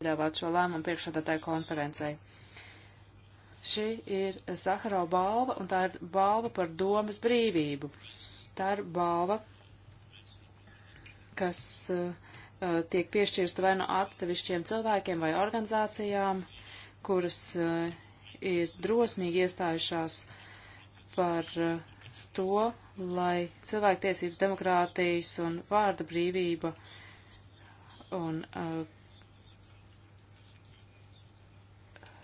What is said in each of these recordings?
piedāvāt šo lēmumu priekšsādātāju konferencei. Šī ir Saharau balva, un tā ir balva par domas brīvību. Tā ir balva, kas uh, uh tiek piešķirsta vai nu no atsevišķiem cilvēkiem vai organizācijām, kuras uh, ir drosmīgi iestājušās par uh, to, lai cilvēktiesības, demokrātijas un vārda brīvība un uh,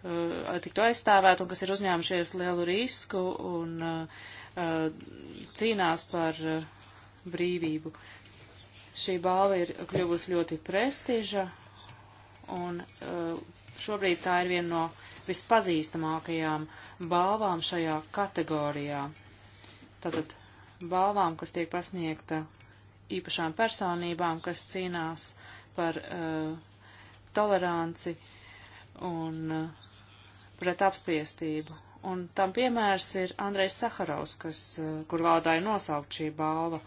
Uh, tiktu aizstāvēt un kas ir uzņēmušies lielu risku un uh, uh, cīnās par brīvību. Šī balva ir kļuvusi ļoti prestiža un šobrīd tā ir viena no vispazīstamākajām balvām šajā kategorijā. Tātad balvām, kas tiek pasniegta īpašām personībām, kas cīnās par uh, toleranci un uh, pret apspiestību. Un tam piemērs ir Andrejs Sakarovs, kas, eh, kur vārdā ir nosaukt šī balva.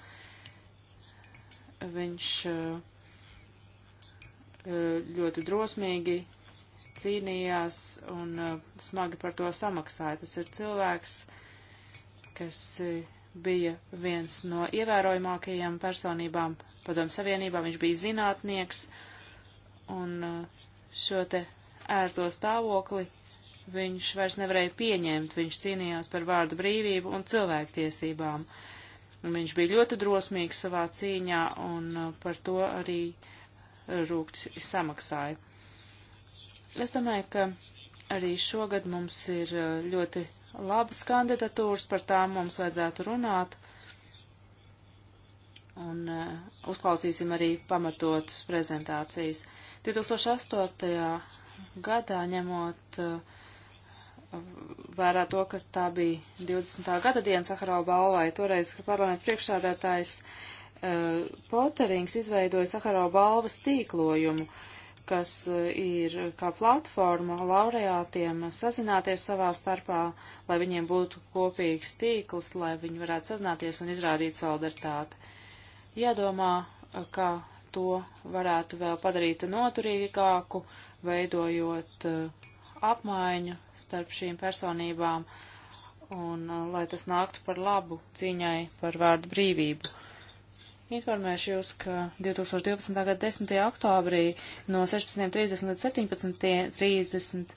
Viņš eh, eh, ļoti drosmīgi cīnījās un smagi par to samaksāja. Tas ir cilvēks, kas bija viens no ievērojamākajiem personībām padomu savienībā, viņš bija zinātnieks, un šo te ērto stāvokli viņš vairs nevarēja pieņemt. Viņš cīnījās par vārdu brīvību un cilvēktiesībām. Un viņš bija ļoti drosmīgs savā cīņā un uh, par to arī rūkts samaksāja. Es domāju, ka arī šogad mums ir uh, ļoti labas kandidatūras, par tām mums vajadzētu runāt. Un uh, uzklausīsim arī pamatotas prezentācijas. 2008. gadā ņemot uh, vērā to, ka tā bija 20. gada diena Saharau balvai. Toreiz parlamenta priekšsādātājs uh, Poterings izveidoja Saharau balvas tīklojumu, kas eh, ir kā platforma laureātiem sazināties savā starpā, lai viņiem būtu kopīgs tīkls, lai viņi varētu sazināties un izrādīt solidaritāti. Jādomā, eh, ka to varētu vēl padarīt noturīgāku, veidojot uh, apmaiņu starp šīm personībām un uh, lai tas nāktu par labu cīņai par vārdu brīvību. Informēšu jūs, ka 2012. gada 10. oktobrī no 16.30 līdz 17.30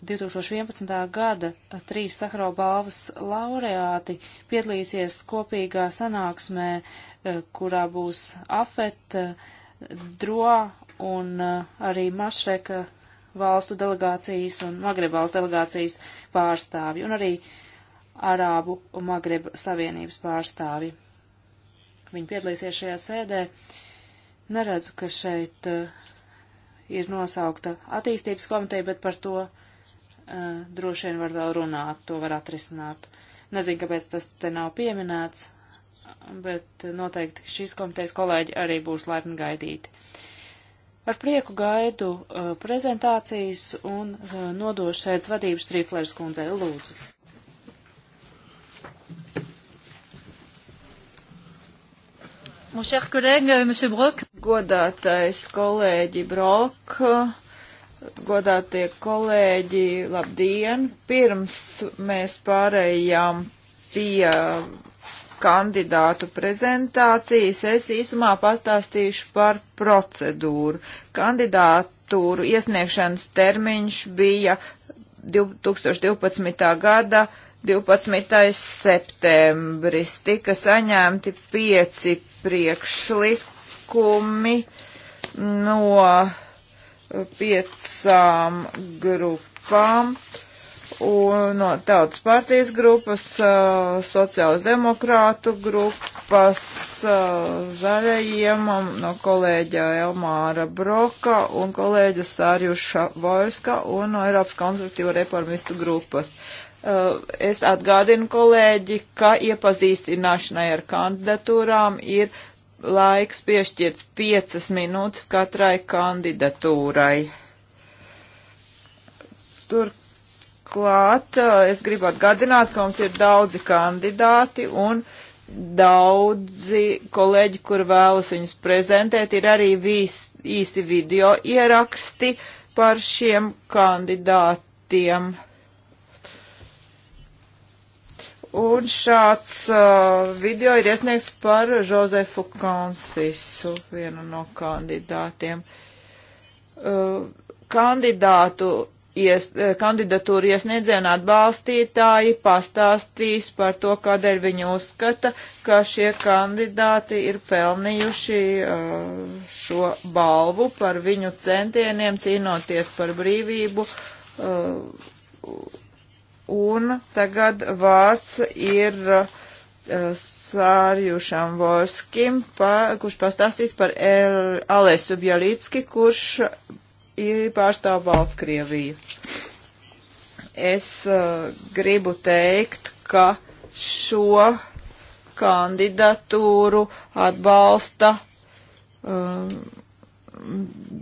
2011. gada trīs Sakaro balvas laureāti piedalīsies kopīgā sanāksmē, eh, kurā būs AFET, eh, DRO un eh, arī Mašreka valstu delegācijas un Magreba valstu delegācijas pārstāvji un arī Arābu un Magreba savienības pārstāvji. Viņi piedalīsies šajā sēdē. Neredzu, ka šeit uh, ir nosaukta attīstības komiteja, bet par to uh, droši vien var vēl runāt, to var atrisināt. Nezinu, kāpēc tas te nav pieminēts, bet noteikti šīs komitejas kolēģi arī būs laipni gaidīti. Ar prieku gaidu uh, prezentācijas un uh, nodošu sēdz vadības Trīflērs kundzei. Lūdzu. Mon cher collègue, euh, monsieur Brok. Godātais kolēģi Brok, godātie kolēģi, labdien! Pirms mēs pārējām pie kandidātu prezentācijas, es īsumā pastāstīšu par procedūru. Kandidātūru iesniegšanas termiņš bija 2012. gada 12. septembris. Tika saņemti pieci priekšlikumi no piecām grupām un no tautas partijas grupas, uh, sociālas demokrātu grupas, uh, zaļajiem, um, no kolēģa Elmāra Broka un kolēģa Sārjuša Vojska un no Eiropas konstruktīva reformistu grupas. Uh, es atgādinu kolēģi, ka iepazīstināšanai ar kandidatūrām ir laiks piešķirts piecas minūtes katrai kandidatūrai. Tur Turklāt eh, es gribu atgādināt, ka mums ir daudzi kandidāti un daudzi kolēģi, kur vēlas viņus prezentēt, ir arī vis, īsi video ieraksti par šiem kandidātiem. Un šāds uh, video ir iesniegts par Žozefu Kansisu, vienu no kandidātiem. Uh, kandidātu ies, e, kandidatūru iesniedzēju un atbalstītāji pastāstīs par to, kādēļ viņi uzskata, ka šie kandidāti ir pelnījuši e, šo balvu par viņu centieniem cīnoties par brīvību. E, un tagad vārds ir Sārjušam Voskim, pa, kurš pastāstīs par El Alesu Bjalītski, kurš pārstāv Baltkrieviju. Es uh, gribu teikt, ka šo kandidatūru atbalsta um,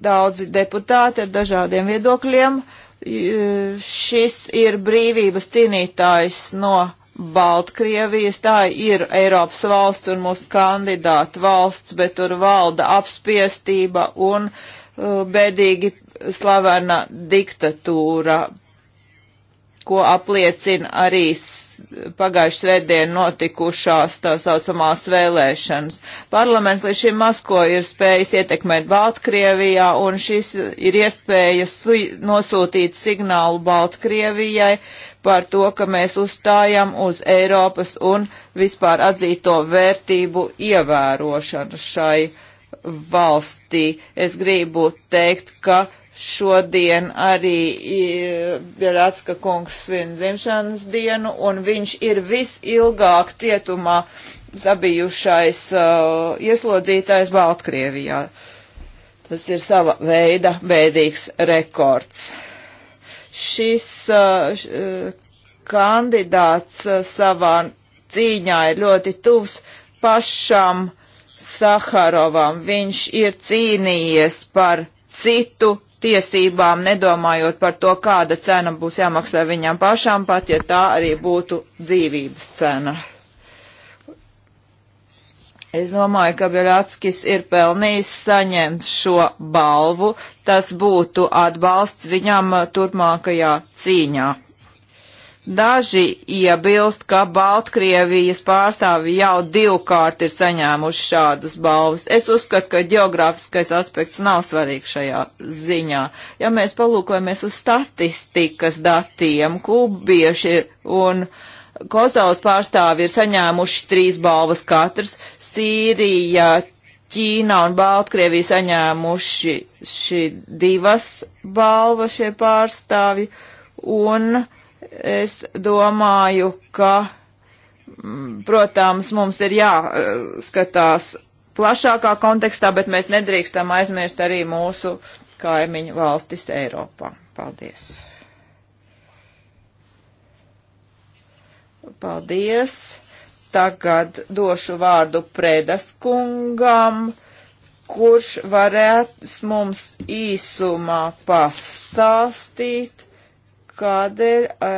daudzi deputāti ar dažādiem viedokļiem. Eh, šis ir brīvības cīnītājs no Baltkrievijas, tā ir Eiropas valsts un mūsu kandidāta valsts, bet tur valda apspiestība un uh, bēdīgi slavena diktatūra, ko apliecina arī pagājušas svētdien notikušās tā saucamās vēlēšanas. Parlaments līdz šim maz ko ir spējis ietekmēt Baltkrievijā, un šis ir iespēja nosūtīt signālu Baltkrievijai par to, ka mēs uzstājam uz Eiropas un vispār atzīto vērtību ievērošanu šai valstī. Es gribu teikt, ka šodien arī Bielatska kungs svin dzimšanas dienu, un viņš ir visilgāk cietumā zabijušais uh, ieslodzītājs Baltkrievijā. Tas ir sava veida bēdīgs rekords šis uh, š, uh, kandidāts uh, savā cīņā ir ļoti tuvs pašam Saharovam. Viņš ir cīnījies par citu tiesībām, nedomājot par to, kāda cena būs jāmaksā viņam pašām, pat ja tā arī būtu dzīvības cena. Es domāju, ka Bielatskis ir pelnījis saņemt šo balvu. Tas būtu atbalsts viņam turpmākajā cīņā. Daži iebilst, ka Baltkrievijas pārstāvi jau divkārt ir saņēmuši šādas balvas. Es uzskatu, ka geogrāfiskais aspekts nav svarīgs šajā ziņā. Ja mēs palūkojamies uz statistikas datiem, kubieši un. Kosovas pārstāvi ir saņēmuši trīs balvas katrs, Sīrija, Ķīna un Baltkrievija saņēmuši šī divas balvas šie pārstāvji, un es domāju, ka, mm, protams, mums ir jāskatās plašākā kontekstā, bet mēs nedrīkstam aizmirst arī mūsu kaimiņu valstis Eiropā. Paldies! Paldies! tagad došu vārdu Prēdas kungam, kurš varēs mums īsumā pastāstīt, kādēļ uh,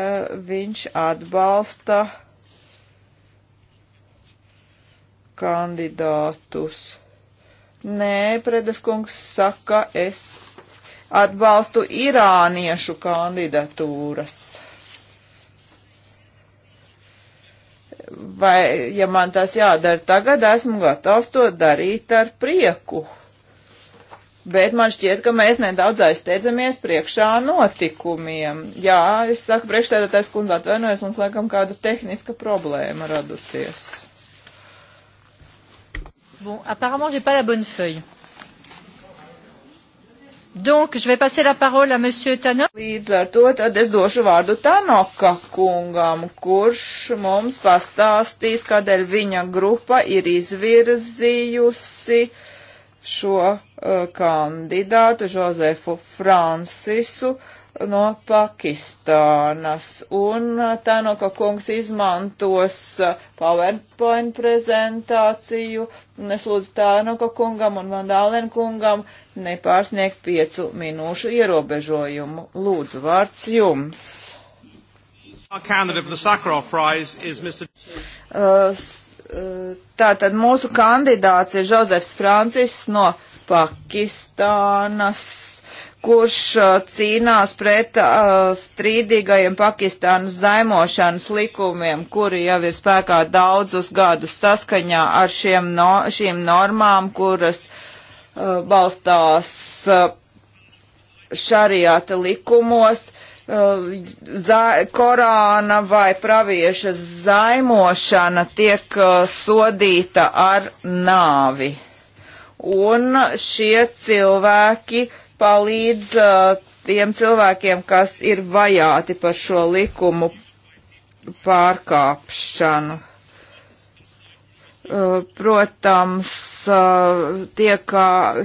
viņš atbalsta kandidātus. Nē, Prēdas kungs saka, es atbalstu irāniešu kandidatūras. vai, ja man tas jādara tagad, esmu gatavs to darīt ar prieku. Bet man šķiet, ka mēs nedaudz aizsteidzamies priekšā notikumiem. Jā, es saku priekšstādātais kundze atvainojas, mums laikam kāda tehniska problēma radusies. Bon, apparemment, j'ai pas la bonne feuille. Donc, je vais passer la parole à monsieur Tanok. Līdz ar to tad es došu vārdu Tanoka kungam, kurš mums pastāstīs, kādēļ viņa grupa ir izvirzījusi šo uh, kandidātu Žozefu Francisu uh, no Pakistānas, un uh, Tanoka kungs izmantos uh, PowerPoint prezentāciju, un es lūdzu Tanoka kungam un Vandālen kungam nepārsniegt piecu minūšu ierobežojumu. Lūdzu, vārds jums. Uh, uh, tātad mūsu kandidāts ir Žozefs Francis no Pakistānas kurš uh, cīnās pret uh, strīdīgajiem Pakistānas zaimošanas likumiem, kuri jau ir spēkā daudzus gadus saskaņā ar šiem no, šīm normām, kuras uh, balstās uh, šariāta likumos, uh, zai, Korāna vai pravieša zaimošana tiek uh, sodīta ar nāvi. Un šie cilvēki palīdz uh, tiem cilvēkiem, kas ir vajāti par šo likumu pārkāpšanu. Uh, protams, uh, tiek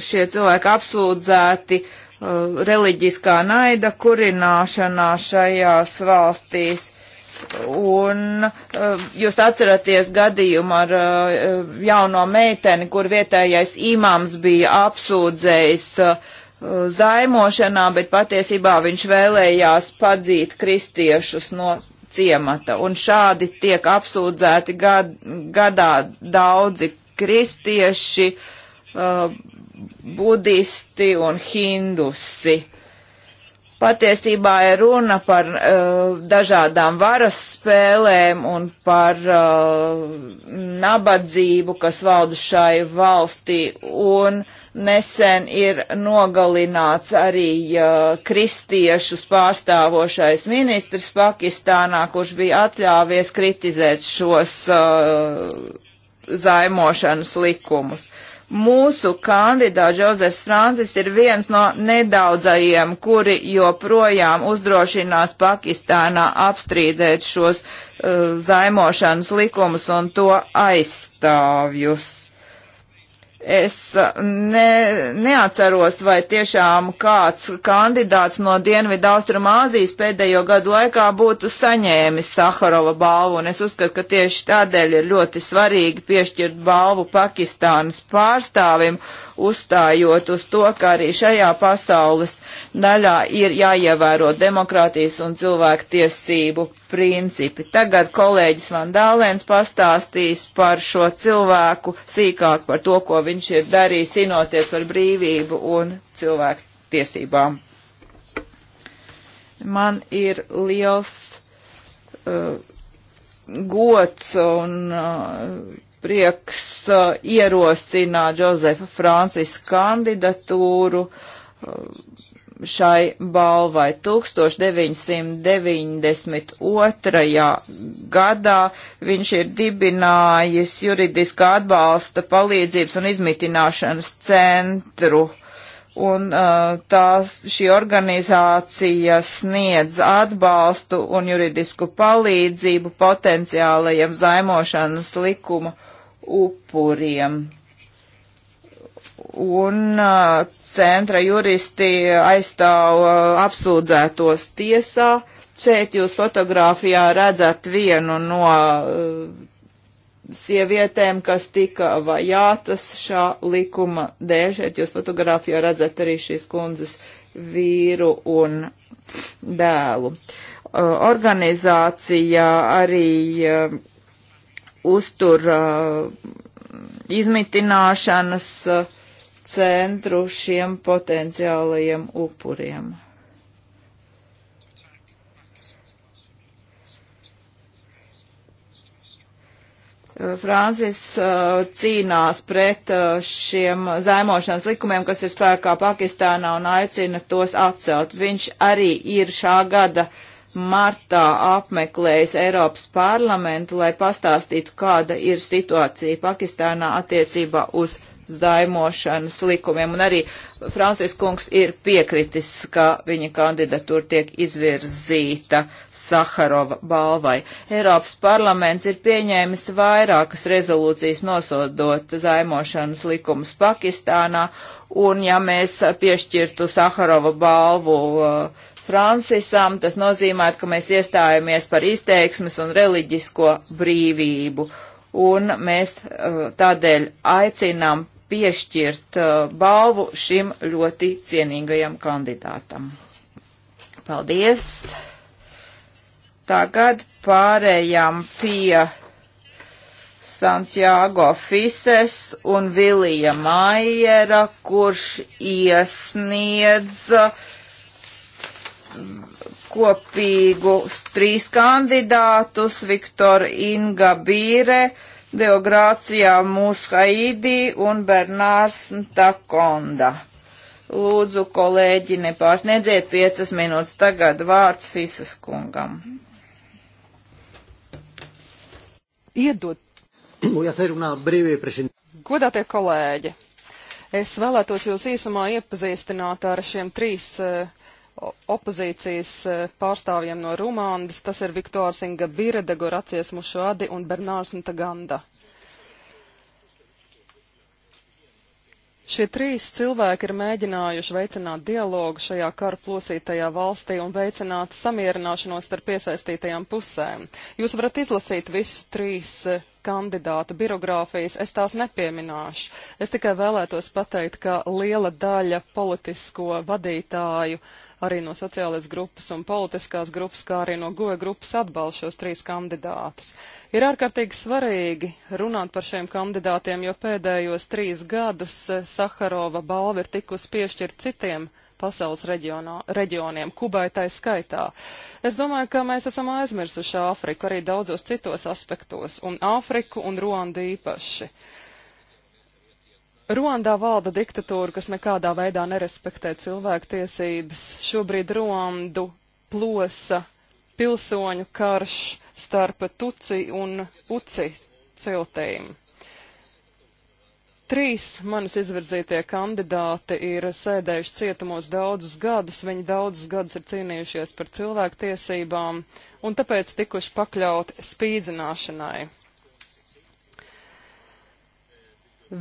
šie cilvēki apsūdzēti uh, reliģiskā naida kurināšanā šajās valstīs. Un uh, jūs atceraties gadījumu ar uh, jauno meiteni, kur vietējais imams bija apsūdzējis uh, zaimošanā, bet patiesībā viņš vēlējās padzīt kristiešus no ciemata. Un šādi tiek apsūdzēti gad, gadā daudzi kristieši, uh, budisti un hindusi. Patiesībā ir runa par uh, dažādām varas spēlēm un par uh, nabadzību, kas valda šai valstī, un nesen ir nogalināts arī uh, kristiešus pārstāvošais ministrs Pakistānā, kurš bija atļāvies kritizēt šos uh, zaimošanas likumus. Uh, Mūsu kandidāts Žozefs Francis ir viens no nedaudzajiem, kuri joprojām uzdrošinās Pakistānā apstrīdēt šos uh, zaimošanas likumus un to aizstāvjus. Es uh, ne, neatceros, vai tiešām kāds kandidāts no Dienvidu Austrumāzijas pēdējo gadu laikā būtu saņēmis Saharova balvu, un es uzskatu, ka tieši tādēļ ir ļoti svarīgi piešķirt balvu Pakistānas pārstāvim, uzstājot uz to, ka arī šajā pasaules daļā ir jāievēro demokrātijas un cilvēku tiesību principi. Tagad kolēģis Vandālēns pastāstīs par šo cilvēku sīkāk par to, ko viņš viņš ir darījis cīnoties par brīvību un cilvēku tiesībām. Man ir liels uh, gods un uh, prieks uh, ierosināt Džozefa Francisa kandidatūru. Uh, šai balvai. 1992. gadā viņš ir dibinājis juridiskā atbalsta palīdzības un izmitināšanas centru. Un uh, tās šī organizācija sniedz atbalstu un juridisku palīdzību potenciālajiem zaimošanas likuma upuriem un centra juristi aizstāv apsūdzētos tiesā. Šeit jūs fotografijā redzat vienu no sievietēm, kas tika vajātas šā likuma dēļ. Šeit jūs fotografijā redzat arī šīs kundzes vīru un dēlu. Organizācija arī uztur izmitināšanas uh, centru šiem potenciālajiem upuriem. Francis uh, cīnās pret uh, šiem zaimošanas likumiem, kas ir spēkā Pakistānā un aicina tos atcelt. Viņš arī ir šā gada martā apmeklējis Eiropas parlamentu, lai pastāstītu, kāda ir situācija Pakistānā attiecībā uz zaimošanas likumiem, un arī Francis Kungs ir piekritis, ka viņa kandidatūra tiek izvirzīta Saharova balvai. Eiropas parlaments ir pieņēmis vairākas rezolūcijas nosodot zaimošanas likumus Pakistānā, un ja mēs piešķirtu Saharova balvu uh, Francisam, tas nozīmē, ka mēs iestājamies par izteiksmes un reliģisko brīvību. Un mēs uh, tādēļ aicinām piešķirt uh, balvu šim ļoti cienīgajam kandidātam. Paldies! Tagad pārējām pie Santiago Fises un Vilija Maiera, kurš iesniedz kopīgu trīs kandidātus Viktor Inga Bīre, Deogrācijā mūs Haidī un Bernārs Takonda. Lūdzu, kolēģi, nepārsniedziet piecas minūtes. Tagad vārds Fisas kungam. Iedod. Godātie kolēģi, es vēlētos jūs īsumā iepazīstināt ar šiem trīs uh, opozīcijas eh, pārstāvjiem no Rumāndas. Tas ir Viktors Inga Bire, Degoracies Mušuadi un Bernārs Ntaganda. Šie trīs cilvēki ir mēģinājuši veicināt dialogu šajā kara plosītajā valstī un veicināt samierināšanos starp piesaistītajām pusēm. Jūs varat izlasīt visu trīs eh, kandidātu birogrāfijas, es tās nepieminēšu. Es tikai vēlētos pateikt, ka liela daļa politisko vadītāju arī no sociālās grupas un politiskās grupas, kā arī no goja grupas atbalst šos trīs kandidātus. Ir ārkārtīgi svarīgi runāt par šiem kandidātiem, jo pēdējos trīs gadus Saharova balva ir tikusi piešķirt citiem kandidātiem pasaules reģionā, reģioniem, Kubai tai skaitā. Es domāju, ka mēs esam aizmirsuši Āfriku arī daudzos citos aspektos, un Āfriku un Ruandu īpaši. Ruandā valda diktatūra, kas nekādā veidā nerespektē cilvēktiesības. Šobrīd Ruandu plosa pilsoņu karš starp Tuci un Uci ciltīm. Trīs manis izvirzītie kandidāti ir sēdējuši cietumos daudzus gadus, viņi daudzus gadus ir cīnījušies par cilvēktiesībām un tāpēc tikuši pakļauti spīdzināšanai.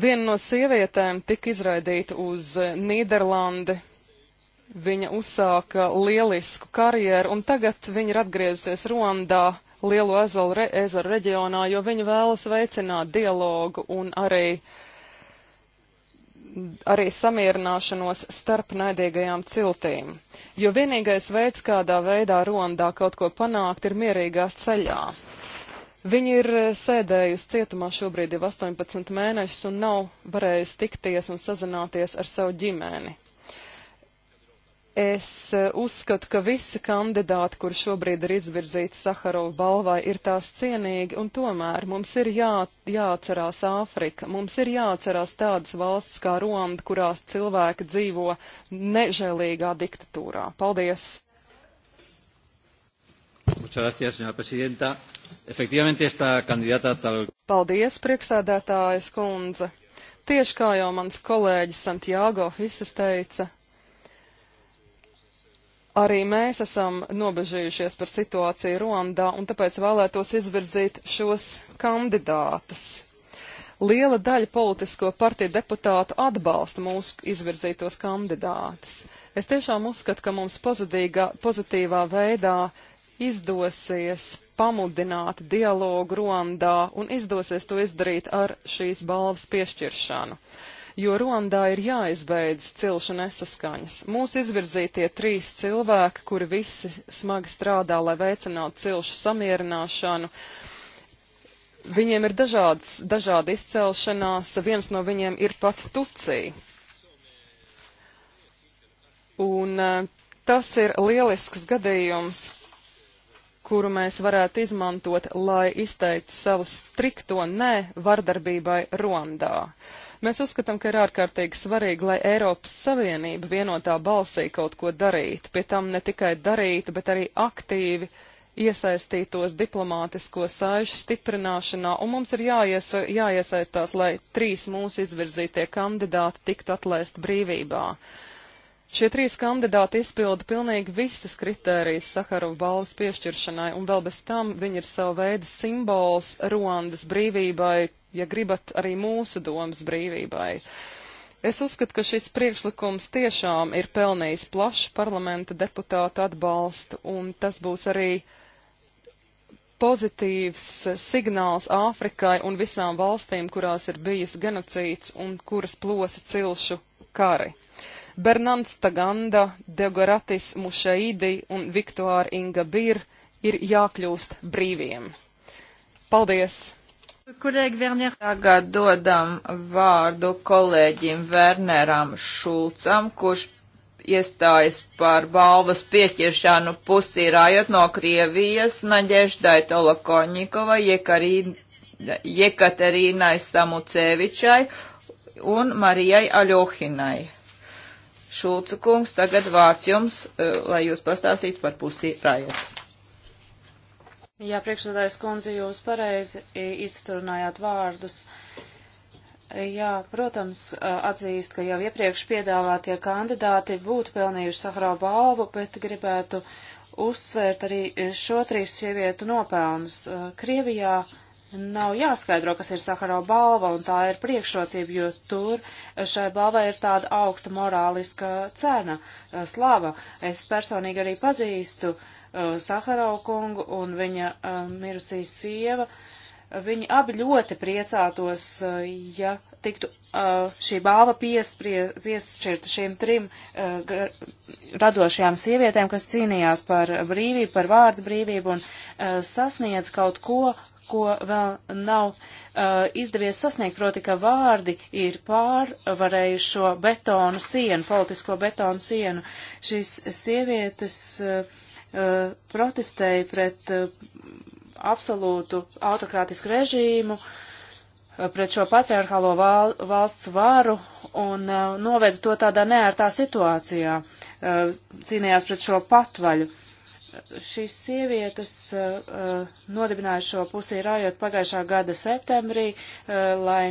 Viena no sievietēm tika izraidīta uz Nīderlandi. Viņa uzsāka lielisku karjeru un tagad viņa ir atgriezusies Rondā Lielo ezeru re, reģionā, jo viņa vēlas veicināt dialogu un arī uh, arī samierināšanos starp naidīgajām ciltīm. Jo vienīgais veids, kādā veidā Rondā kaut ko panākt, ir mierīgā ceļā. Viņa ir eh, sēdējusi cietumā šobrīd jau 18 mēnešus un nav varējusi tikties un sazināties ar savu ģimeni. Es eh, uzskatu, ka visi kandidāti, kur šobrīd ir izvirzīti Saharova balvai, ir tās cienīgi, un tomēr mums ir jā, jāatcerās Āfrika, mums ir jāatcerās tādas valsts kā Romda, kurās cilvēki dzīvo nežēlīgā diktatūrā. Paldies! Paldies, priekšsēdētājas kundze! Tieši kā jau mans kolēģis Santiago Fisas teica, Arī mēs esam nobežījušies par situāciju Ruandā, un tāpēc vēlētos izvirzīt šos kandidātus. Liela daļa politisko partiju deputātu atbalsta mūsu izvirzītos kandidātus. Es tiešām uzskatu, ka mums pozitīga, pozitīvā veidā izdosies pamudināt dialogu Ruandā un izdosies to izdarīt ar šīs balvas piešķiršanu jo Ruandā ir jāizbeidz cilšu nesaskaņas. Mūsu izvirzītie trīs cilvēki, kuri visi smagi strādā, lai veicinātu cilšu samierināšanu, viņiem ir dažādas, dažāda izcelšanās, viens no viņiem ir pat tucī. Un eh, tas ir lielisks gadījums, kuru mēs varētu izmantot, lai izteiktu savu strikto nē vardarbībai Rondā. Mēs uzskatām, ka ir ārkārtīgi svarīgi, lai Eiropas Savienība vienotā balsī kaut ko darītu, pie tam ne tikai darītu, bet arī aktīvi iesaistītos diplomātisko saišu stiprināšanā, un mums ir jāies, jāiesaistās, lai trīs mūsu izvirzītie kandidāti tiktu atlaist brīvībā. Šie trīs kandidāti izpilda pilnīgi visus kritērijus Saharovu balvas piešķiršanai, un vēl bez tam viņi ir savu veidu simbols Ruandas brīvībai, ja gribat arī mūsu domas brīvībai. Es uzskatu, ka šis priekšlikums tiešām ir pelnījis plašu parlamenta deputātu atbalstu, un tas būs arī pozitīvs signāls Āfrikai un visām valstīm, kurās ir bijis genocīds un kuras plosa cilšu kari. Bernants Taganda, Deogoratis Mušaidi un Viktor Ingabir ir jākļūst brīviem. Paldies! Kolēģi Werner. Tagad dodam vārdu kolēģim Werneram Šulcam, kurš iestājas par balvas piešķiršanu pusīrājot no Krievijas Naģeždai Tolokoņikovai, Jekaterīnai Samucevičai un Marijai Aļohinai. Šulcu kungs, tagad vārds jums, eh, lai jūs pastāstītu par pusīrājot. Jā, priekšsēdājas kundze, jūs pareizi izturunājāt vārdus. Jā, protams, atzīst, ka jau iepriekš piedāvātie kandidāti būtu pelnījuši Sahrau balvu, bet gribētu uzsvērt arī šo trīs sievietu nopelnus. Krievijā nav jāskaidro, kas ir Sahrau balva, un tā ir priekšrocība, jo tur šai balvai ir tāda augsta morāliska cena, slava. Es personīgi arī pazīstu uh, Uh, Saharau kungu un viņa uh, mirusī sieva. Viņi abi ļoti priecātos, uh, ja tiktu šī balva piešķirta šīm trim radošajām sievietēm, kas cīnījās par brīvību, par vārdu brīvību un sasniedz kaut ko, ko vēl nav uh, izdevies sasniegt, proti, ka vārdi ir pārvarējuši šo betonu sienu, politisko betonu sienu. Šīs sievietes uh, Eh, protestēja pret eh, absolūtu autokrātisku režīmu, eh, pret šo patriarchālo val, valsts varu un noveda to tādā neērtā situācijā, cīnījās pret šo patvaļu. Šīs sievietes nodibināja šo pusī rājot pagājušā gada septembrī, lai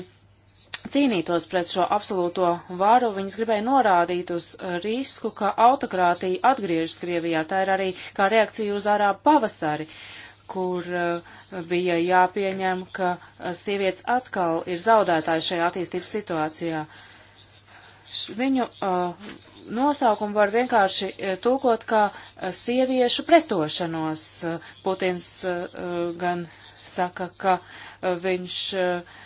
cīnītos pret šo absolūto varu, viņas gribēja norādīt uz risku, ka autokrātija atgriežas Krievijā. Tā ir arī kā reakcija uz ārā pavasari, kur uh, bija jāpieņem, ka uh, sievietes atkal ir zaudētājs šajā attīstības situācijā. Viņu uh, nosaukumu var vienkārši uh, tulkot kā uh, sieviešu pretošanos. Putins uh, gan saka, ka viņš uh,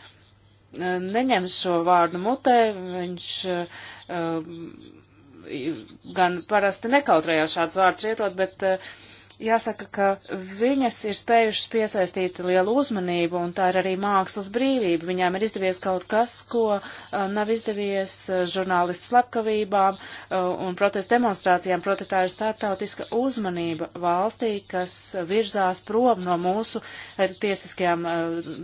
neņem šo vārdu mutē, viņš eh, gan parasti nekautrējās šāds vārds rietot, bet eh, Jāsaka, ka viņas ir spējušas piesaistīt lielu uzmanību, un tā ir arī mākslas brīvība. Viņām ir izdevies kaut kas, ko uh, nav izdevies uh, žurnālistu slepkavībām uh, un protestu demonstrācijām. Proti, tā ir starptautiska uzmanība valstī, kas virzās prom no mūsu eh, tiesiskajām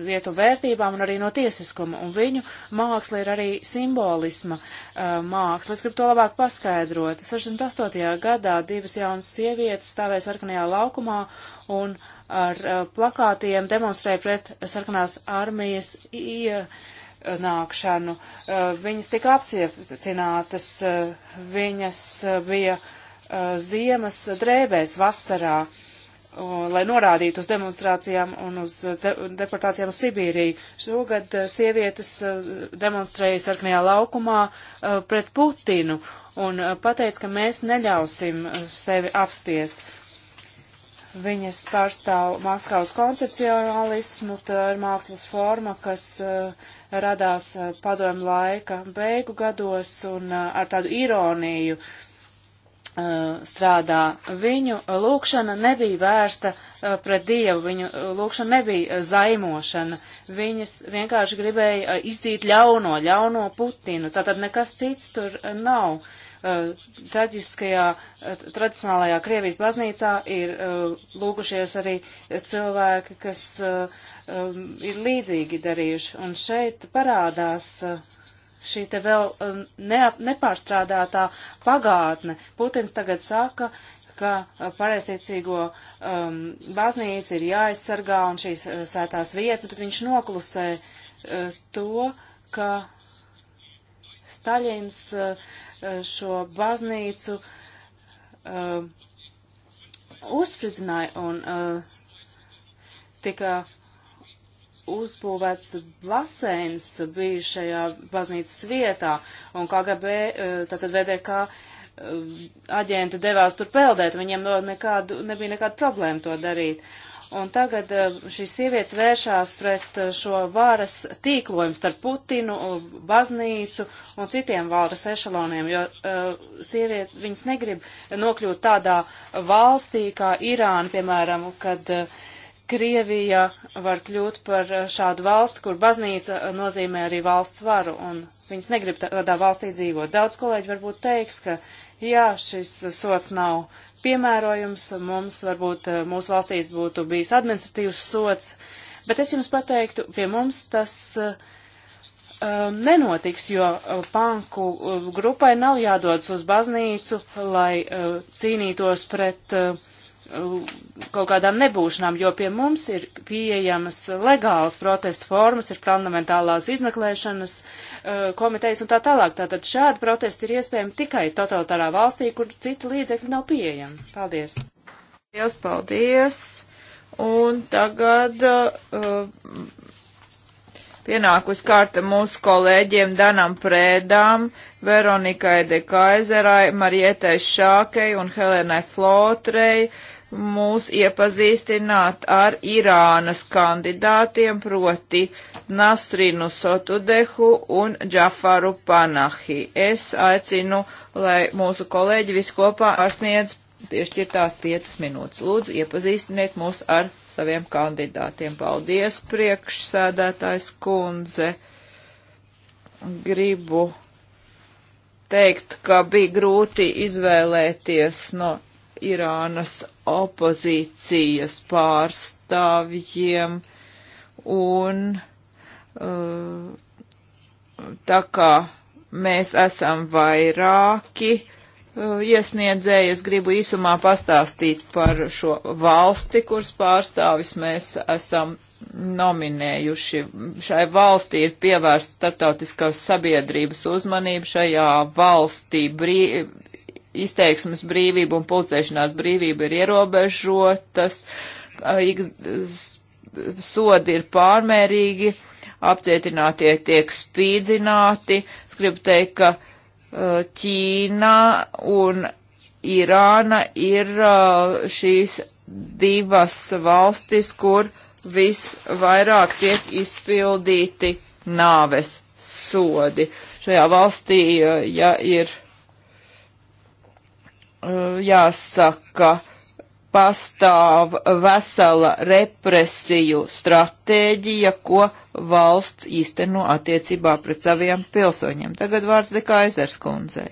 vietu vērtībām un arī no tiesiskuma. Un viņu māksla ir arī simbolisma māksla. Es gribu to labāk paskaidrot. 68. gadā divas jaunas sievietes stāvēja sarkanajā sarkanajā laukumā un ar uh, plakātiem demonstrēja pret sarkanās armijas ienākšanu. Uh, viņas tika apcietinātas, uh, viņas bija ziemas drēbēs vasarā lai norādītu uz demonstrācijām un uz de deportācijām uz Sibīriju. Šogad sievietes demonstrēja sarkanajā laukumā pret Putinu un pateica, ka mēs neļausim sevi apspiest. Viņas pārstāv Maskavas koncepcionālismu, tā ir mākslas forma, kas uh, radās uh, padomu laika beigu gados un uh, ar tādu ironiju strādā. Viņu lūkšana nebija vērsta pret Dievu, viņu lūkšana nebija zaimošana. Viņas vienkārši gribēja izdīt ļauno, ļauno Putinu, tātad nekas cits tur nav. Uh, Eh, traģiskajā, eh, tradicionālajā Krievijas baznīcā ir eh, lūgušies arī cilvēki, kas ir līdzīgi darījuši. Un šeit parādās šī te vēl neap, nepārstrādātā pagātne. Putins tagad saka, ka pareizticīgo um, baznīca ir jāaizsargā un šīs uh, svētās vietas, bet viņš noklusē uh, to, ka Staļins uh, Eh, šo baznīcu uh, uzspridzināja un uh, tika uzbūvēts baseins bija šajā baznīcas vietā, un KGB, uh, tātad VDK, aģenti devās tur peldēt, viņiem nekādu, nebija nekāda problēma to darīt. Uh, Un tagad eh, šīs sievietes vēršās pret eh, šo vāras tīklojumu starp Putinu, eh, baznīcu un citiem vāras ešaloniem, jo uh, sieviet, viņas negrib nokļūt tādā valstī kā Irāna, piemēram, kad uh, Krievija var kļūt par šādu valstu, kur baznīca nozīmē arī valsts varu, un viņas negrib tādā valstī dzīvot. Daudz kolēģi varbūt teiks, ka jā, šis sots nav piemērojams. Mums varbūt eh, mūsu valstīs būtu bijis administratīvs sots, bet es jums pateiktu, pie mums tas eh, eh, nenotiks, jo panku grupai nav jādodas uz baznīcu, lai cīnītos pret uh, kaut kādām nebūšanām, jo pie mums ir pieejamas legālas protestu formas, ir parlamentālās izmeklēšanas uh, komitejas un tā tālāk. Tātad šādi protesti ir iespējami tikai totalitārā valstī, kur citi līdzekļi nav pieejami. Paldies! Liels paldies! Un tagad uh, pienākusi kārta mūsu kolēģiem Danam Prēdām, Veronikai de Kaiserai, Marietai Šākei un Helenai Flotrei mūs iepazīstināt ar Irānas kandidātiem proti Nasrinu Sotudehu un Džafaru Panahi. Es aicinu, lai mūsu kolēģi viskopā pārsniedz piešķirtās 5 minūtes. Lūdzu, iepazīstiniet mūs ar saviem kandidātiem. Paldies, priekšsēdētājs kundze. Gribu teikt, ka bija grūti izvēlēties no Irānas opozīcijas pārstāvjiem un uh, tā kā mēs esam vairāki, uh, Eh, iesniedzēji. Es gribu īsumā pastāstīt par šo valsti, kuras pārstāvis mēs esam nominējuši. Šai valstī ir pievērsta starptautiskās sabiedrības uzmanība. Šajā valstī brī, izteiksmes brīvība un pulcēšanās brīvība ir ierobežotas, eh, sodi ir pārmērīgi, apcietinātie tiek spīdzināti. Es gribu teikt, ka Ķīna un Irāna ir uh, šīs divas valstis, kur visvairāk tiek izpildīti nāves sodi. Šajā valstī, uh, ja ir uh, jāsaka, pastāv vesela represiju stratēģija, ko valsts īsteno attiecībā pret saviem pilsoņiem. Tagad vārds dekā ezers kundzei.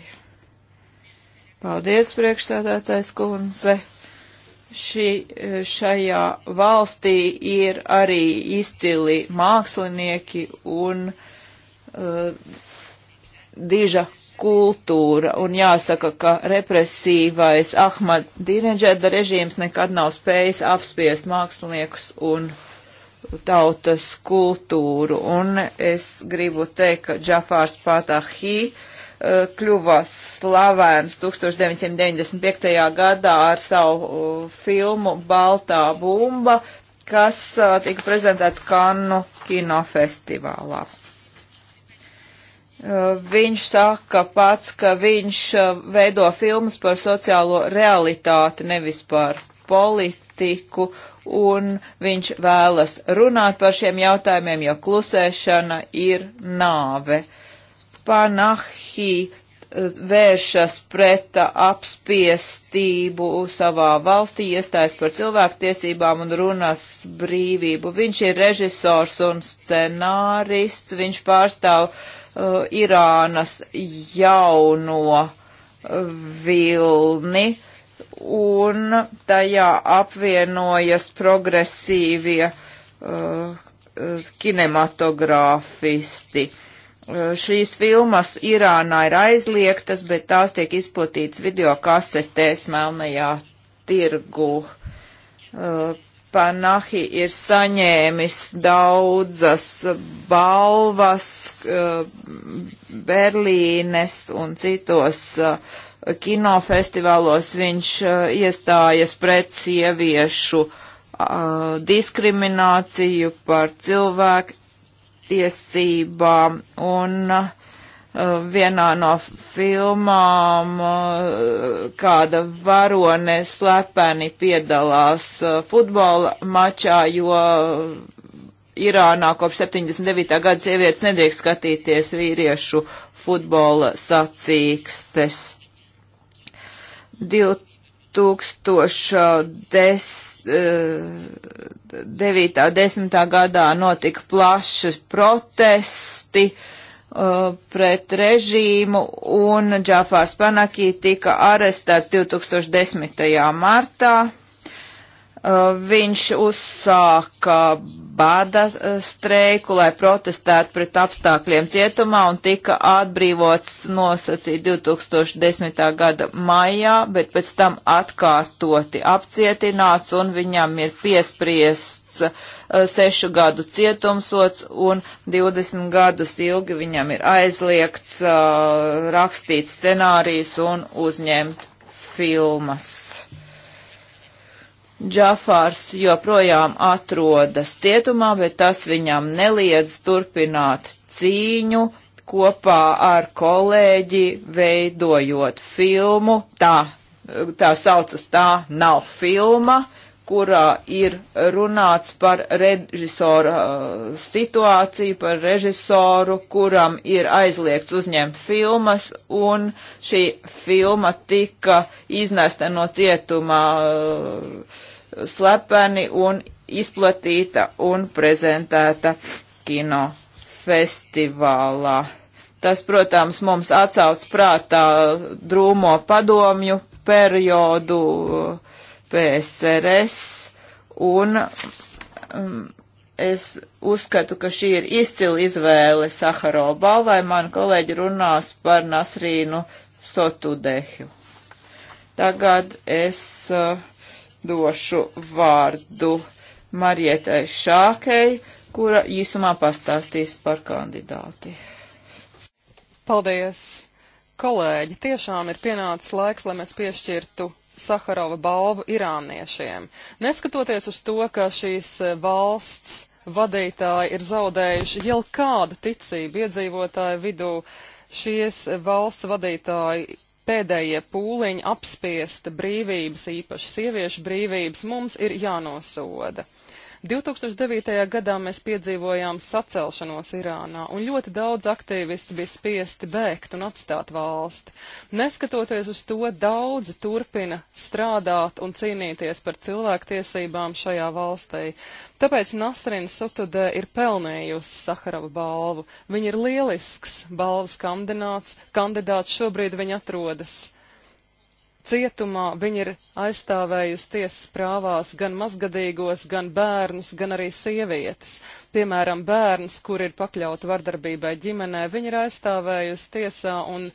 Paldies, priekšsēdētājs kundze. Ši, šajā valstī ir arī izcili mākslinieki un uh, diža kultūra, un jāsaka, ka represīvais Ahmad Dīrenžēda režīms nekad nav spējis apspiest māksliniekus un tautas kultūru, un es gribu teikt, ka Džafārs Patahī eh, kļuva slavēns 1995. gadā ar savu eh, filmu Baltā bumba, kas eh, tika prezentēts Kannu kinofestivālā. Eh, viņš saka pats, ka viņš eh, veido filmas par sociālo realitāti, nevis par politiku, un viņš vēlas runāt par šiem jautājumiem, jo klusēšana ir nāve. Panahi eh, vēršas pret apspiestību savā valstī, iestājas par cilvēktiesībām un runas brīvību. Viņš ir režisors un scenārists, viņš pārstāv uh, uh, Irānas jauno vilni, un tajā apvienojas progresīvie uh, kinematogrāfisti. Uh, šīs filmas Irānā ir aizliegtas, bet tās tiek izplatītas video kasetēs melnajā tirgu. Uh, Panahi ir saņēmis daudzas balvas uh, Berlīnes un citos uh, kinofestivālos. Viņš uh, iestājas pret sieviešu e, diskrimināciju par cilvēku tiesībām un uh, vienā no filmām uh, kāda varone slepeni piedalās uh, futbola mačā, jo Irānā kopš 79. gada sievietes nedrīkst skatīties vīriešu futbola sacīkstes. 2009. Uh, gadā notika plašas protesti, uh, Uh, pret režīmu, un Džafārs Panakī tika arestēts 2010. martā. Uh, viņš uzsāka bada streiku, lai protestētu pret apstākļiem cietumā un tika atbrīvots nosacīt 2010. gada maijā, bet pēc tam atkārtoti apcietināts un viņam ir piespriest piespriests uh, sešu gadu cietumsots un 20 gadus ilgi viņam ir aizliegts uh, rakstīt scenārijus un uzņemt filmas. Džafārs joprojām atrodas cietumā, bet tas viņam neliedz turpināt cīņu kopā ar kolēģi veidojot filmu. Tā, tā saucas tā nav filma. Uh, kurā ir runāts par režisora uh, situāciju, par režisoru, kuram ir aizliegts uzņemt filmas, un šī filma tika iznesta no cietumā uh, slepeni un izplatīta un prezentēta kinofestivālā. Tas, protams, mums atsauc prātā drūmo padomju periodu, uh, PSRS, un um, es uzskatu, ka šī ir izcila izvēle Saharo balvai. Mani kolēģi runās par Nasrīnu Sotudehu. Tagad es uh, došu vārdu Marietai Šākei, kura īsumā pastāstīs par kandidāti. Paldies! Kolēģi, tiešām ir pienācis laiks, lai mēs piešķirtu Saharova balvu irāniešiem. Neskatoties uz to, ka šīs e, valsts vadītāji ir zaudējuši jau kādu ticību iedzīvotāju vidū, šīs valsts vadītāji pēdējie pūliņi apspiesta brīvības, īpaši sieviešu brīvības, mums ir jānosoda. 2009. gadā mēs piedzīvojām sacelšanos Irānā, un ļoti daudz aktīvisti bija spiesti bēgt un atstāt valsti. Neskatoties uz to, daudzi turpina strādāt un cīnīties par cilvēktiesībām šajā valstī. Tāpēc Nasrina Sotudē ir pelnījusi Saharova balvu. Viņa ir lielisks balvas kandidāts, kandidāts šobrīd viņa atrodas Cietumā viņa ir aizstāvējusi tiesas prāvās gan mazgadīgos, gan bērnus, gan arī sievietes. Piemēram, bērns, kur ir pakļauta vardarbībai ģimenē, viņa ir aizstāvējusi tiesā un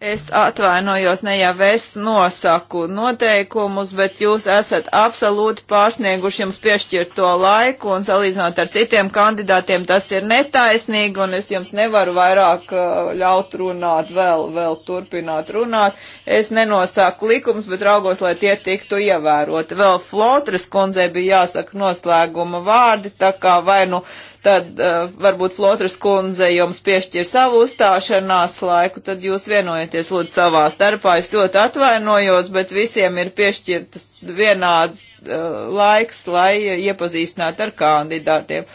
Es atvainojos, ne jau es nosaku noteikumus, bet jūs esat absolūti pārsnieguši jums piešķirto laiku un salīdzinot ar citiem kandidātiem tas ir netaisnīgi un es jums nevaru vairāk uh, ļaut runāt, vēl, vēl turpināt runāt. Es nenosaku likums, bet raugos, lai tie tiktu ievēroti. Vēl Flotras kundzei bija jāsaka noslēguma vārdi, tā kā vai nu tad uh, varbūt Flotras kundze jums piešķir savu uzstāšanās laiku, tad jūs vienojieties lūdzu savā starpā. Es ļoti atvainojos, bet visiem ir piešķirtas vienāds uh, laiks, lai iepazīstinātu ar kandidātiem.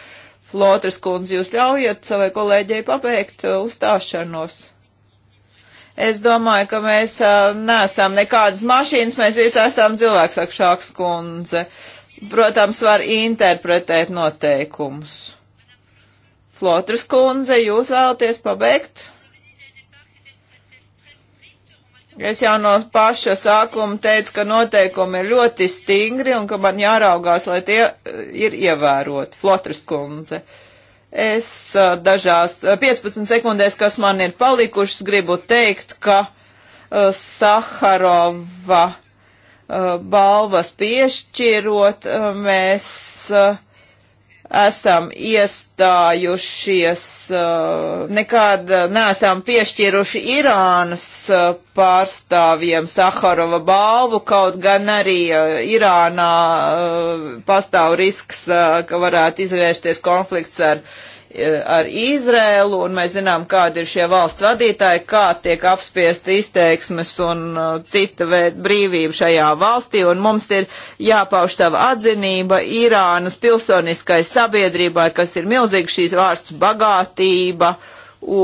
Flotras kundze, jūs ļaujiet savai kolēģei pabeigt uh, uzstāšanos. Es domāju, ka mēs uh, neesam nekādas mašīnas, mēs visi esam cilvēks, saka Šāks kundze. Protams, var interpretēt noteikumus. Flotras kundze, jūs vēlaties pabeigt? Es jau no paša sākuma teicu, ka noteikumi ir ļoti stingri un ka man jāraugās, lai tie eh, ir ievēroti. Flotras kundze. Es eh, dažās 15 eh, sekundēs, kas man ir palikušas, gribu teikt, ka Saharova balvas piešķirot mēs esam iestājušies, eh, nekad neesam piešķiruši Irānas eh, pārstāvjiem Saharova balvu, kaut gan arī eh, Irānā pastāv risks, ka varētu izvērsties konflikts ar E, ar Izrēlu, un mēs zinām, kādi ir šie valsts vadītāji, kā tiek apspiesti izteiksmes un e, cita veida brīvība šajā valstī, un mums ir jāpauž sava atzinība Irānas pilsoniskai sabiedrībai, kas ir milzīga šīs vārsts bagātība,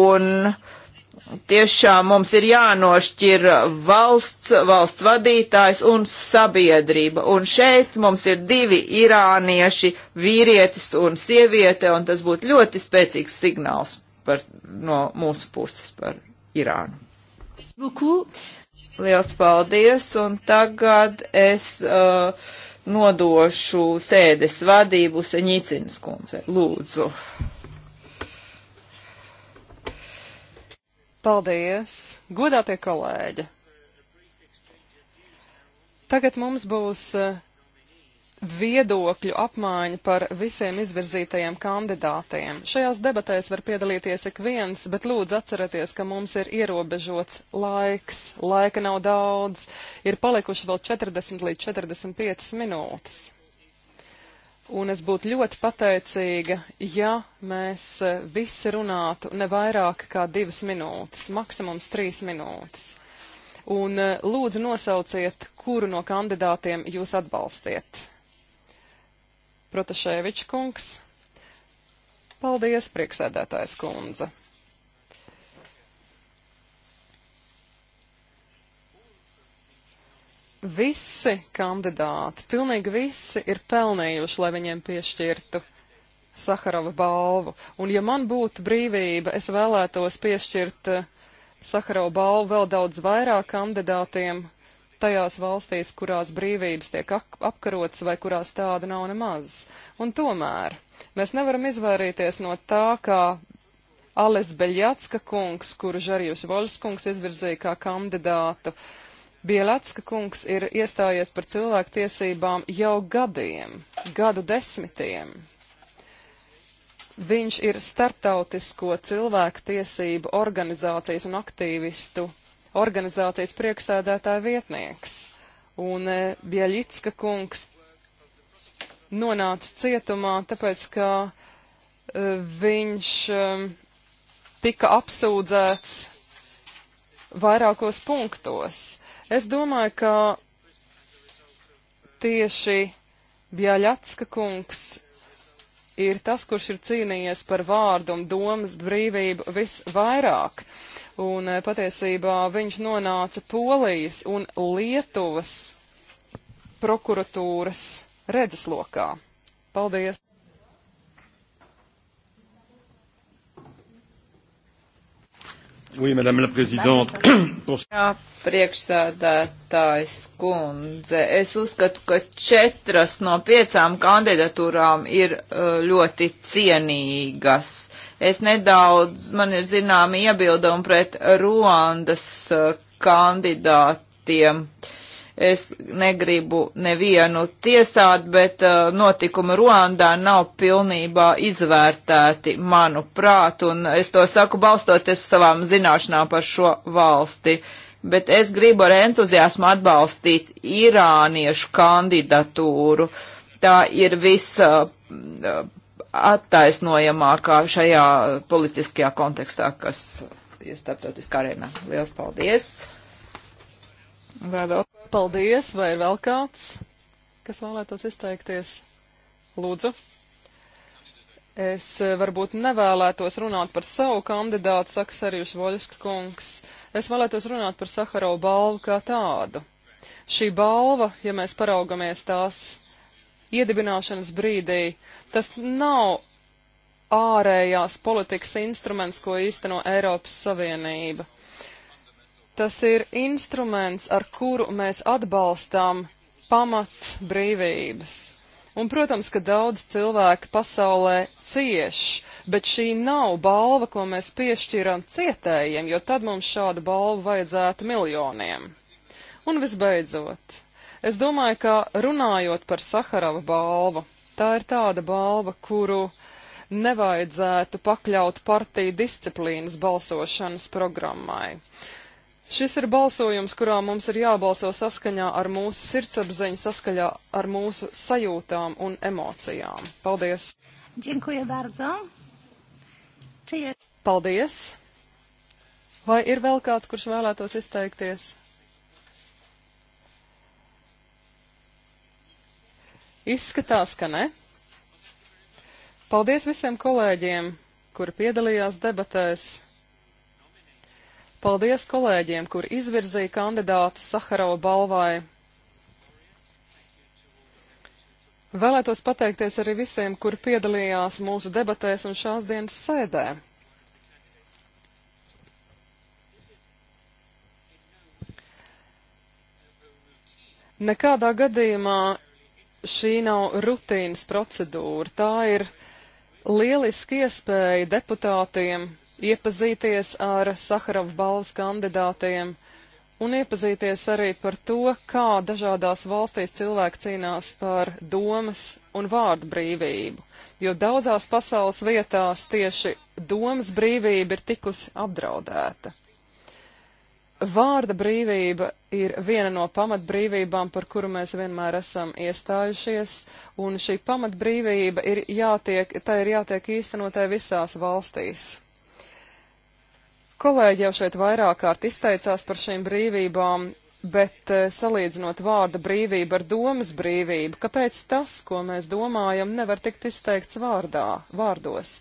un uh, Tiešām mums ir jānošķir valsts, valsts vadītājs un sabiedrība. Un šeit mums ir divi irānieši, vīrietis un sieviete, un tas būtu ļoti spēcīgs signāls par, no mūsu puses par Irānu. Luku. Liels paldies, un tagad es uh, nodošu sēdes vadību Seņicins kundze. Lūdzu. Paldies! Godātie kolēģi! Tagad mums būs eh, viedokļu apmaiņa par visiem izvirzītajiem kandidātiem. Šajās debatēs var piedalīties ik viens, bet lūdzu atcerieties, ka mums ir ierobežots laiks, laika nav daudz, ir palikuši vēl 40 līdz 45 minūtes. Un es būtu ļoti pateicīga, ja mēs eh, visi runātu ne vairāk kā divas minūtes, maksimums trīs minūtes. Un eh, lūdzu nosauciet, kuru no kandidātiem jūs atbalstiet. Protaševičs kungs. Paldies, prieksēdētājs kundze. visi kandidāti, pilnīgi visi ir pelnījuši, lai viņiem piešķirtu Saharova balvu. Un ja man būtu brīvība, es vēlētos piešķirt eh, Saharova balvu vēl daudz vairāk kandidātiem tajās valstīs, kurās brīvības tiek apkarotas vai kurās tāda nav nemaz. Un tomēr mēs nevaram izvairīties no tā, kā Ales Beļjatska kungs, kuru Žarijus Voļskungs izvirzīja kā kandidātu, uh, Bielatska kungs ir iestājies par cilvēku tiesībām jau gadiem, gadu desmitiem. Viņš ir starptautisko cilvēku tiesību organizācijas un aktīvistu organizācijas priekšsēdētāja vietnieks. Un e, Bieļicka kungs nonāca cietumā, tāpēc, ka uh, viņš um, tika apsūdzēts vairākos punktos. Es domāju, ka tieši Bjaļatska kungs ir tas, kurš ir cīnījies par vārdu un domas brīvību visvairāk. Un eh, patiesībā viņš nonāca Polijas un Lietuvas prokuratūras redzeslokā. Paldies! Oui, Madame la Présidente. Jā, priekšsēdētājs kundze, es uzskatu, ka četras no piecām kandidatūrām ir uh, ļoti cienīgas. Es nedaudz, man ir zināmi iebildumi pret Ruandas uh, kandidātiem. Uh, Es negribu nevienu tiesāt, bet uh, notikumi Ruandā nav pilnībā izvērtēti, manuprāt, un es to saku balstoties savām zināšanām par šo valsti. Bet es gribu ar entuziasmu atbalstīt irāniešu kandidatūru. Tā ir visa uh, attaisnojamākā šajā politiskajā kontekstā, kas ir starptautiskā arēnā. Lielas paldies! Vai vēl? Paldies, vai ir vēl kāds, kas vēlētos izteikties? Lūdzu. Es eh, varbūt nevēlētos runāt par savu kandidātu, saka Sarijus Voļska kungs. Es vēlētos runāt par Saharovu balvu kā tādu. Šī balva, ja mēs paraugamies tās iedibināšanas brīdī, tas nav ārējās politikas instruments, ko īsteno Eiropas Savienība. Tas ir instruments, ar kuru mēs atbalstām pamat brīvības. Un, protams, ka daudz cilvēku pasaulē cieš, bet šī nav balva, ko mēs piešķiram cietējiem, jo tad mums šādu balvu vajadzētu miljoniem. Un visbeidzot, es domāju, ka runājot par Saharava balvu, tā ir tāda balva, kuru nevajadzētu pakļaut partiju disciplīnas balsošanas programmai. Šis ir balsojums, kurā mums ir jābalso saskaņā ar mūsu sirdsapziņu, saskaņā ar mūsu sajūtām un emocijām. Paldies! Dziękuję bardzo! Čie... Paldies! Vai ir vēl kāds, kurš vēlētos izteikties? Izskatās, ka ne. Paldies visiem kolēģiem, kuri piedalījās debatēs. Paldies kolēģiem, kur izvirzīja kandidātu Saharova balvai. Vēlētos pateikties arī visiem, kur piedalījās mūsu debatēs un šās dienas sēdē. Nekādā gadījumā šī nav rutīnas procedūra. Tā ir lieliski iespēja deputātiem iepazīties ar Saharova balvas kandidātiem un iepazīties arī par to, kā dažādās valstīs cilvēki cīnās par domas un vārdu brīvību, jo daudzās pasaules vietās tieši domas brīvība ir tikusi apdraudēta. Vārda brīvība ir viena no pamatbrīvībām, par kuru mēs vienmēr esam iestājušies, un šī pamatbrīvība ir jātiek, tā ir jātiek īstenotai visās valstīs. Kolēģi jau šeit vairāk kārt izteicās par šīm brīvībām, bet eh, salīdzinot vārda brīvību ar domas brīvību, kāpēc tas, ko mēs domājam, nevar tikt izteikts vārdā, vārdos?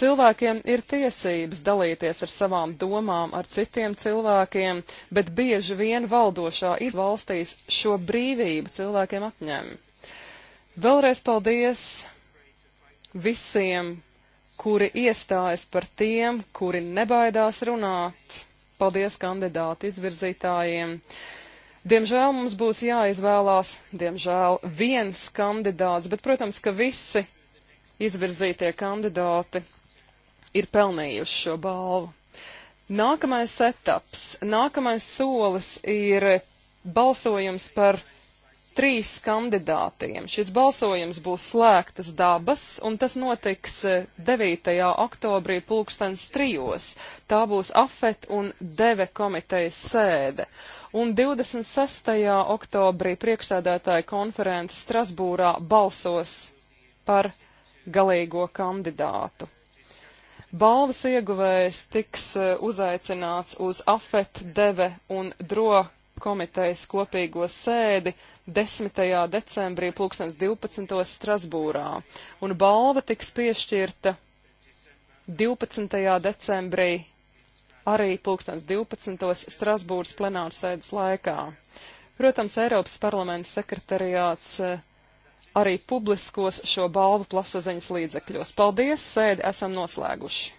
Cilvēkiem ir tiesības dalīties ar savām domām ar citiem cilvēkiem, bet bieži vien valdošā izvalstīs šo brīvību cilvēkiem atņem. Vēlreiz paldies visiem, kuri iestājas par tiem, kuri nebaidās runāt. Paldies kandidātu izvirzītājiem. Diemžēl mums būs jāizvēlās, diemžēl, viens kandidāts, bet, protams, ka visi izvirzītie kandidāti ir pelnījuši šo balvu. Nākamais etaps, nākamais solis ir balsojums par trīs kandidātiem. Šis balsojums būs slēgtas dabas, un tas notiks 9. Eh, oktobrī pulkstens trijos. Tā būs AFET un DEVE komitejas sēde. Un 26. oktobrī priekšsēdētāja konference Strasbūrā balsos par galīgo kandidātu. Balvas ieguvējs tiks eh, uzaicināts uz AFET, DEVE un DRO komitejas kopīgo sēdi 10. decembrī 2012. Strasbūrā, un balva tiks piešķirta 12. decembrī arī 2012. Strasbūras plenārsēdes laikā. Protams, Eiropas parlamenta sekretariāts eh, arī publiskos šo balvu plašsaziņas līdzekļos. Paldies, sēdi esam noslēguši!